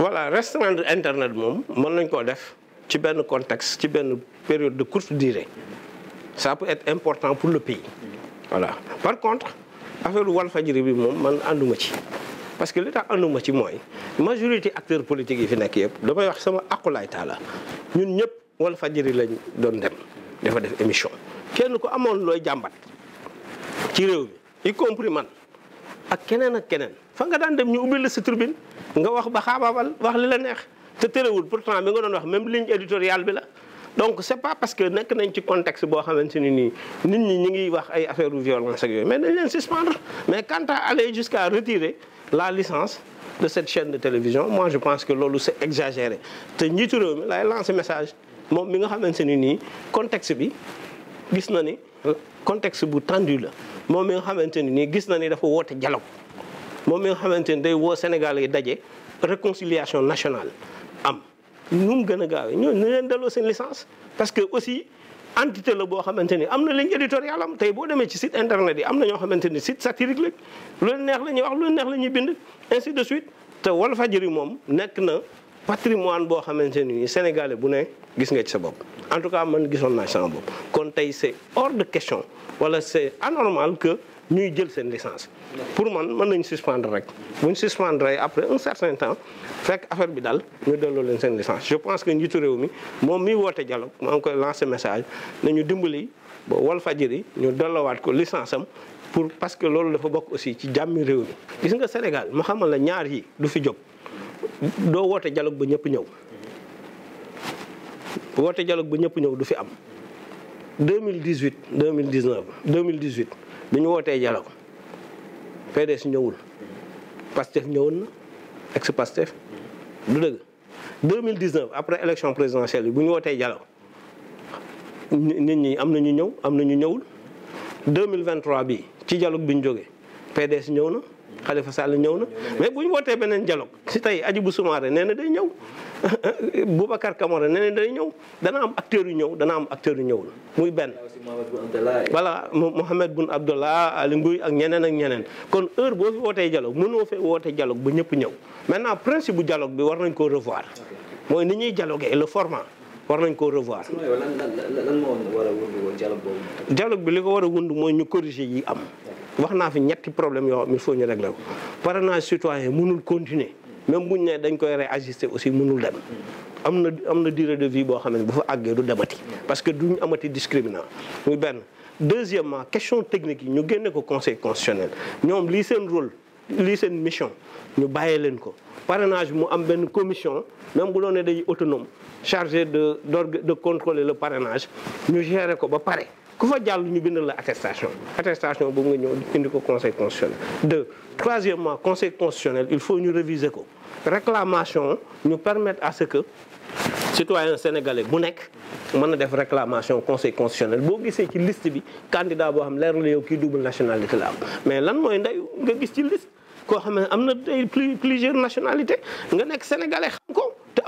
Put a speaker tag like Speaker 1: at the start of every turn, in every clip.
Speaker 1: voilà restreindre internet moom mën nañ koo def ci benn contexte ci benn période de courte durée ça peut être important pour le pays voilà par contre affaire Walfadjri bi moom man ànduma ci parce que li tax ànduma ci mooy majorité acteurs politiques yi fi nekk yëpp damay wax sama aqulaay taala ñun ñëpp Walfadjri lañ doon dem dafa def émission kenn ko amoon looy jàmbat ci réew mi y compris man ak keneen ak keneen fa nga daan dem ñu ubbil la sa turbine nga wax ba xaabaabal wax li la neex te terewul pourtant mi nga doon wax même ligne éditoriale bi la. donc c' est pas parce que nekk nañ ci contexte boo xamante ni nii nit ñi ñu ngi wax ay affaire u violence ak yooyu mais dañ leen suspendre mais quant à aller jusqu'à retirer la licence de cette chaine de télévision moi je pense que loolu c' est exagéré te njiitu réew mi lay lancer message moom mi nga xamante ne nii contexte bi gis na ni contexte bu tendu la moom mi nga xamante ne nii gis na ni dafa woote dialogue moom mi nga xamante ni day woo Sénégal yi daje réconciliation nationale am nu mu gën a gaawee ñoo ñu leen delloo seen licence parce que aussi entité la boo xamante ni am na ligne éditoriale am tey boo demee ci site internet yi am na ñoo xamante ni site satirique la lu leen neex la ñuy wax lu leen la ñuy bind ainsi de suite te Walfadjri moom nekk na patrimoine boo xamante ni sénégalais bu ne gis nga ci sa bopp en tout cas man gisoon naa ci sama bopp kon tey c'est hors de question wala c'est anormal que ñuy jël seen licence pour man mën nañ suspendre rek bu ñu suspendre rek après un certain temps fekk affaire bi daal ñu delloo leen seen licence je pense que njiitu réew mi moom mi woote dialogue maa ngi message lancé ñu nañu dimbali ba Walfadjri ñu delloowaat ko licence am pour parce que loolu dafa bokk aussi ci jàmmi réew mi gis nga Sénégal ma xamal la ñaar yi du fi jóg doo woote dialogue ba ñëpp ñëw woote dialogue ba ñëpp ñëw du fi am 2018 2019 2018 bi ñu wootee dialogue PDS ñëwul Pastef ñëwoon na ex Pastef du dëgg 2019 après élection présidentielle bi bu ñu wootee dialogue nit ñi am na ñu ñëw am na ñu ñëwul 2023 bi ci dialogue bi ñu jógee PDS ñëw na. Khalifa Sall ñëw na mais bu ñu wootee beneen dialogue si tey Hadjibou Soumaré nee na day ñëw Boubacar Camara nee na day ñëw dana am acteurs yu ñëw dana am acteurs yu ñëw la muy benn voilà Mohamed Boun Abdallah Ali Ngouille ak ñeneen ak ñeneen kon heure boo fi wootee dialogue mënoo fee woote dialogue ba ñëpp ñëw maintenant principe bu dialogue bi war nañ koo revoir mooy ni ñuy dialoguer le format war nañ koo revoir. lan lan lan moo war a wund woon dialogue boobu. dialogue bi li ko war a wund mooy ñu corriger yi am. wax naa fi ñetti problème yoo xam il faut ñu réglé ko parrainage citoyen mënul continuer même buñ nee dañ koy réajuster aussi mënul dem am na am na durée de vie boo xam ne bu fa àggee du demati parce que duñ amati discriminant muy benn deuxièmement question technique yi ñu génne ko conseil constitutionnel ñoom lii seen rôle lii seen mission ñu bàyyee leen ko parrainage mu am benn commission même bu doon ne day autonome chargé de de contrôler le parrainage ñu gérer ko ba pare ku fa jàll ñu bindal la attestation attestation boobu nga ñëw indi ko conseil constitutionnel. deux troisièmement conseil constitutionnel il faut ñu réviser ko réclamation ñu permettre à ce que citoyen sénégalais bu nekk mën na def réclamation conseil constitutionnel boo gisee ci liste bi candidat boo xam leer la yow kii double nationalité la am mais lan mooy nga gis ci liste koo xam ne am na ay plusieurs nationalités nga nekk sénégalais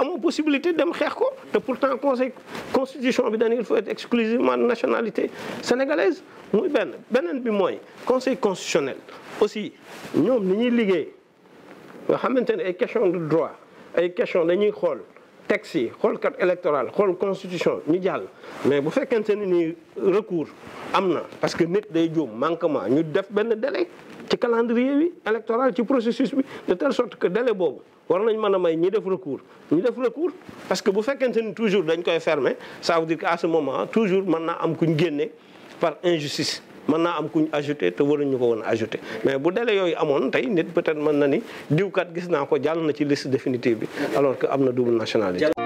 Speaker 1: amoo possibilité dem xeex ko te pourtant conseil constitution bi dan il faut être exclusivement nationalité sénégalaise muy benn beneen bi mooy conseil constitutionnel aussi ñoom ni ñuy liggéey nga xamante ne ay question de droit ay question dañuy xool texte yi xool carte électoral xool constitution ñu jàll mais bu fekkente ne nii recours am na parce que nit day juum manquement ñu def benn délai ci calendrier bi électoral ci processus bi de telle sorte que délé boobu war nañ mën a may ñi def recours ñi def recours parce que bu fekkente ni toujours dañ koy fermer ça veut dire que à ce moment toujours mën naa am kuñ génne par injustice mën naa am kuñ ajouté te ñu ko woon ajouté mais bu délai yooyu amoon tey nit peut-être mën na ni diwkat gis naa ko jàll na ci liste définitive bi alors que am na double nationalité